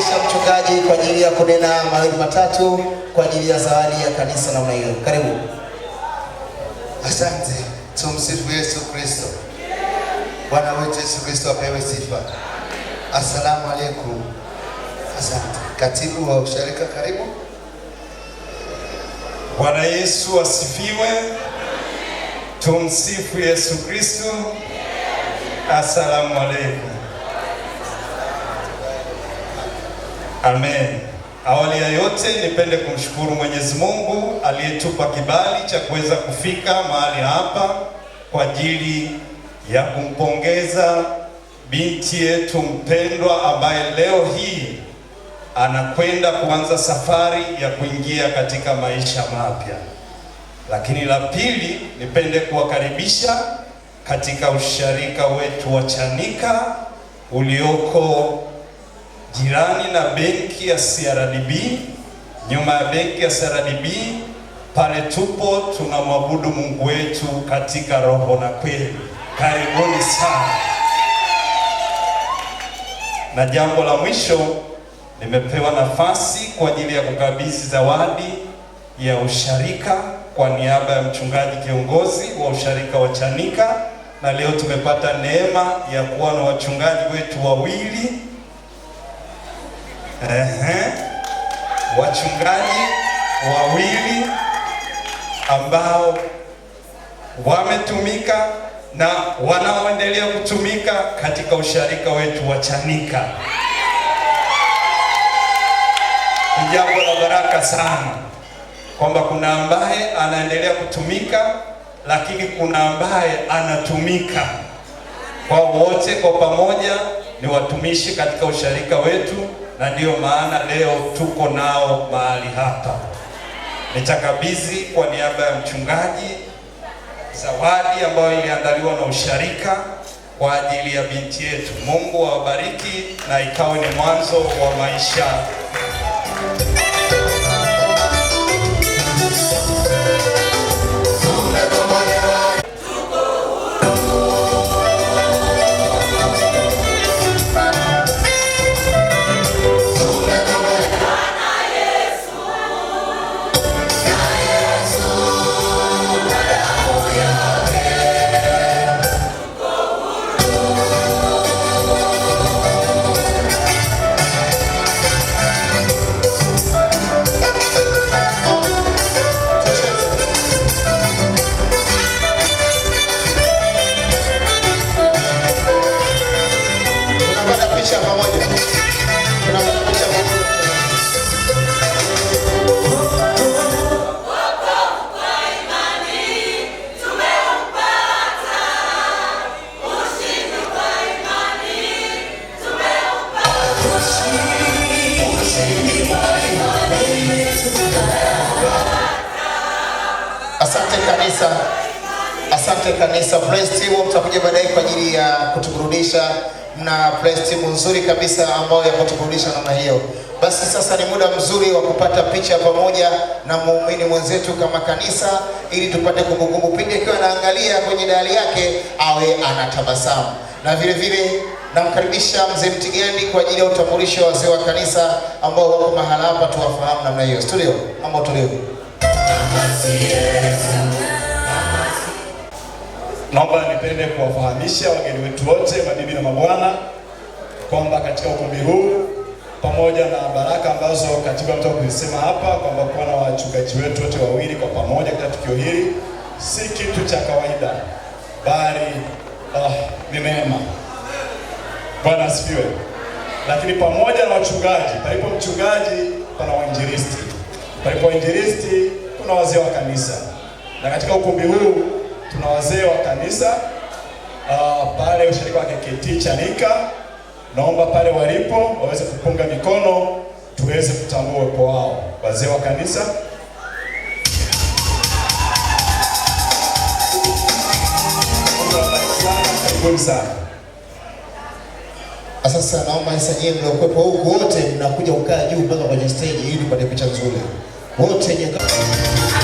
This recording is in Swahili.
kumkaribisha mchungaji kwa ajili ya kunena mawili matatu kwa ajili ya zawadi ya kanisa namna hiyo. Karibu. Asante. Tumsifu Yesu Kristo. Bwana wetu Yesu Kristo apewe sifa. Asalamu alaykum. Asante. Katibu wa usharika, karibu. Bwana Yesu asifiwe. Tumsifu Yesu Kristo. Asalamu alaykum. Amen. Awali ya yote nipende kumshukuru Mwenyezi Mungu aliyetupa kibali cha kuweza kufika mahali hapa kwa ajili ya kumpongeza binti yetu mpendwa ambaye leo hii anakwenda kuanza safari ya kuingia katika maisha mapya. Lakini la pili, nipende kuwakaribisha katika usharika wetu wa Chanika ulioko jirani na benki ya CRDB. Nyuma ya benki ya CRDB pale tupo tunamwabudu Mungu wetu katika roho na kweli. Karibuni sana. Na jambo la mwisho, nimepewa nafasi kwa ajili ya kukabidhi zawadi ya usharika kwa niaba ya mchungaji kiongozi wa usharika wa Chanika, na leo tumepata neema ya kuwa na wachungaji wetu wawili Ehe, wachungaji wawili ambao wametumika na wanaoendelea kutumika katika usharika wetu wa Chanika. Ni jambo la baraka sana kwamba kuna ambaye anaendelea kutumika, lakini kuna ambaye anatumika. Kwa wote kwa pamoja ni watumishi katika usharika wetu na ndiyo maana leo tuko nao mahali hapa. Nitakabidhi kwa niaba ya mchungaji zawadi ambayo iliandaliwa na usharika kwa ajili ya binti yetu. Mungu awabariki na ikawe ni mwanzo wa maisha tunabadilisha pamoja, tunabadilisha pamoja. Asante kanisa, asante kanisa. Praise team, mtakuja baadaye kwa ajili ya kutuburudisha na press team nzuri kabisa ambayo yakutuburudisha namna hiyo. Basi sasa ni muda mzuri wa kupata picha pamoja na muumini mwenzetu kama kanisa, ili tupate kumbukumbu pindi akiwa anaangalia kwenye dali yake awe anatabasamu, na vile vile namkaribisha mzee mtigeni kwa ajili ya utambulisho wa wazee wa kanisa ambao wako mahala hapa, tuwafahamu namna hiyo. Studio, mambo tulivu Naomba nipende kuwafahamisha wageni wetu wote, mabibi na mabwana, kwamba katika ukumbi huu pamoja na baraka ambazo katibu mtaka kuisema hapa kwamba kuwa na wachungaji wetu wote wawili kwa pamoja katika tukio hili si kitu cha kawaida, bali oh, ni neema. Bwana asifiwe. Lakini pamoja na wachungaji, palipo mchungaji kuna wainjilisti, palipo wainjilisti kuna wazee wa kanisa, na katika ukumbi huu tuna wazee wa kanisa uh, pale ushirika wa KKKT Chanika, naomba pale walipo waweze kupunga mikono tuweze kutambua uwepo wao, wazee wa kanisa. Karibuni sana. Sasa naomba sasa nyinyi mliokuwepo huku wote mnakuja kukaa juu mpaka kwenye stage ili tupate picha nzuri wote nyinyi.